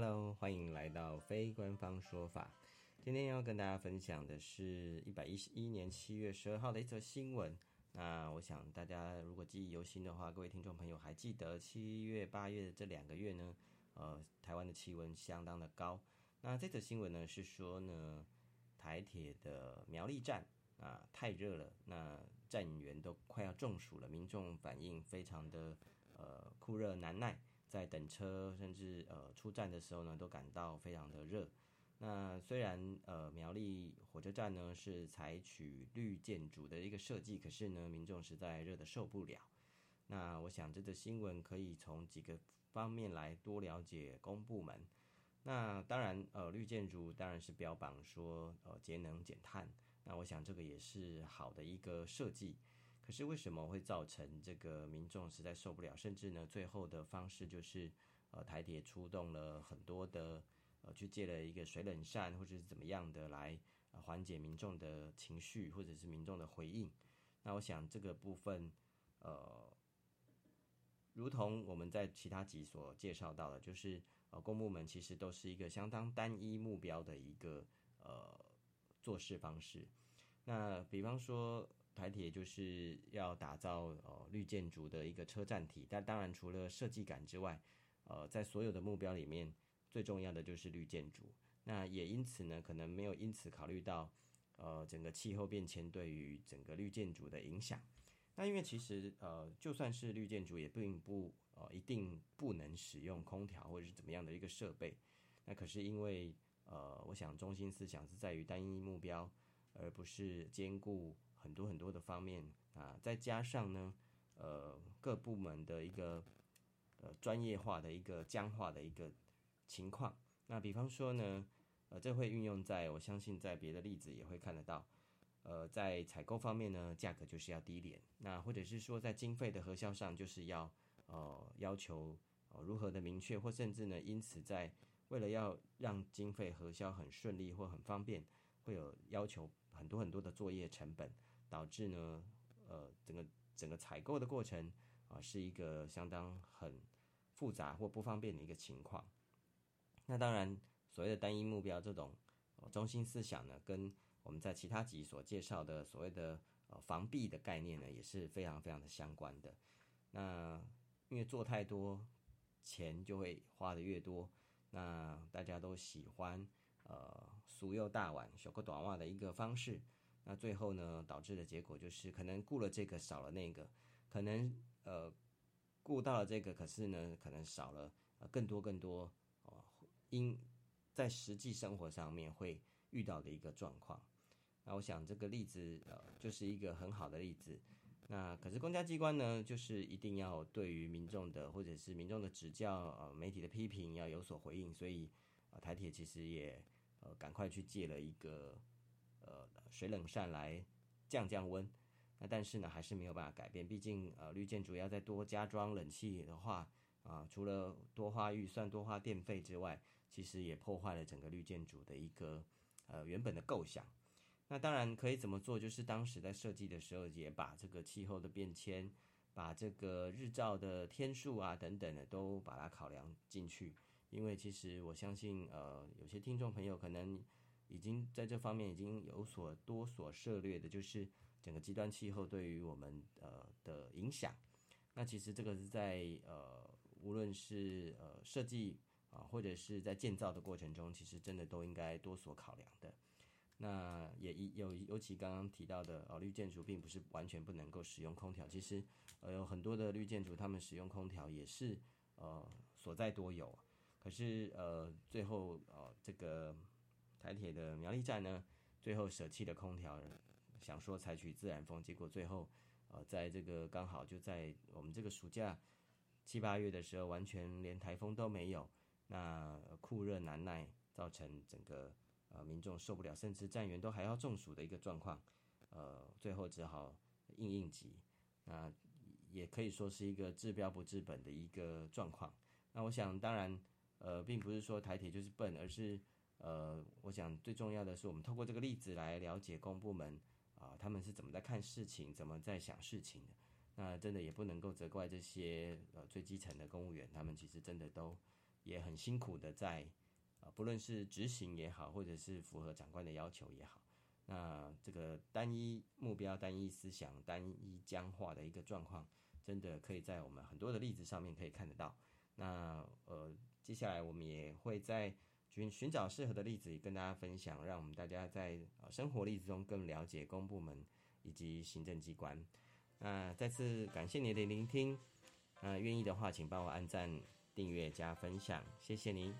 Hello，歡迎來到非官方說法。今天要跟大家分享的是一百一十一年七月十二號的一則新聞。那我想大家如果記憶猶新的話，各位聽眾朋友還記得七月、八月這兩個月呢，呃，台灣的氣溫相當的高。那這則新聞呢是說呢，台鐵的苗栗站啊、呃、太熱了，那站員都快要中暑了，民眾反應非常的呃酷熱難耐。在等車甚至呃出站的時候呢，都感到非常的熱。那雖然呃苗栗火車站呢是採取綠建築的一個設計，可是呢民眾實在熱得受不了。那我想這則新聞可以從幾個方面來多了解公部門。那當然呃綠建築當然是標榜說呃節能減碳，那我想這個也是好的一個設計。可是為什麼會造成這個民眾實在受不了？甚至呢，最後的方式就是，呃，台鐵出動了很多的，呃，去借了一個水冷扇或者是怎麼樣的來，呃，緩解民眾的情緒，或者是民眾的回應。那我想這個部分，呃，如同我們在其他集所介紹到的，就是呃，公部門其實都是一個相當單一目標的一個呃做事方式。那比方說。台鐵就是要打造呃綠建築的一個車站體，但當然除了設計感之外，呃，在所有的目標裡面，最重要的就是綠建築。那也因此呢，可能沒有因此考慮到呃整個氣候變遷對於整個綠建築的影響。那因為其實呃就算是綠建築也並不呃一定不能使用空調或者是怎麼樣的一個設備。那可是因為呃我想中心思想是在於單一目標，而不是兼顧。很多很多的方面啊，再加上呢，呃，各部門的一個呃專業化的一個僵化的一個情況。那比方說呢，呃，這會運用在，我相信在別的例子也會看得到。呃，在採購方面呢，價格就是要低廉。那或者是說，在經費的核銷上，就是要呃要求呃如何的明確，或甚至呢，因此在為了要讓經費核銷很順利或很方便，會有要求很多很多的作業成本。導致呢，呃，整個整個採購的過程啊、呃，是一個相當很複雜或不方便的一個情況。那當然，所謂的單一目標這種、呃、中心思想呢，跟我們在其他集所介紹的所謂的呃防弊的概念呢，也是非常非常的相關的。那因為做太多，錢就會花得越多，那大家都喜歡呃俗又大碗、小個短襪的一個方式。那最後呢，導致的結果就是可能顧了這個少了那個，可能呃顧到了這個，可是呢可能少了，呃、更多更多哦、呃，因在實際生活上面會遇到的一個狀況。那我想這個例子呃就是一個很好的例子。那可是公家機關呢，就是一定要對於民眾的或者是民眾的指教呃媒體的批評要有所回應，所以、呃、台鐵其實也呃趕快去借了一個。呃，水冷扇來降降溫，那但是呢，還是沒有辦法改變。畢竟，呃，綠建築要再多加裝冷氣的話，啊、呃，除了多花預算、多花電費之外，其實也破壞了整個綠建築的一個呃原本的構想。那當然可以怎麼做，就是當時在設計的時候，也把這個氣候的變遷、把這個日照的天數啊等等的都把它考量進去。因為其實我相信，呃，有些聽眾朋友可能。已經在這方面已經有所多所涉獵的，就是整個極端氣候，對於我們呃的影響。那其實這個是在呃，無論是呃設計啊、呃，或者是在建造的過程中，其實真的都應該多所考量的。那也一有尤其剛剛提到的呃綠建築並不是完全不能夠使用空調，其實呃有很多的綠建築，他們使用空調也是呃所在多有。可是呃最後呃這個。台鐵的苗栗站呢，最後舍棄的空調，想說採取自然風，結果最後，呃，在這個剛好就在我們這個暑假七八月的時候，完全連台風都沒有，那酷熱難耐，造成整個呃民眾受不了，甚至站員都還要中暑的一個狀況，呃，最後只好應應急，那也可以說是一個治標不治本的一個狀況。那我想，當然，呃，並不是說台鐵就是笨，而是。呃，我想最重要的是，我們透過這個例子來了解公部門啊、呃，他們是怎麼在看事情，怎麼在想事情的。那真的也不能夠責怪這些呃最基層的公務員，他們其實真的都也很辛苦的在啊、呃，不論是執行也好，或者是符合長官的要求也好。那這個單一目標、單一思想、單一僵化的一個狀況，真的可以在我們很多的例子上面可以看得到。那呃，接下來我們也會在。尋尋找適合的例子跟大家分享，讓我們大家在生活例子中更了解公部門以及行政機關。那再次感謝您的聆聽。那、呃、願意的話，請幫我按讚、訂閱、加分享，謝謝您。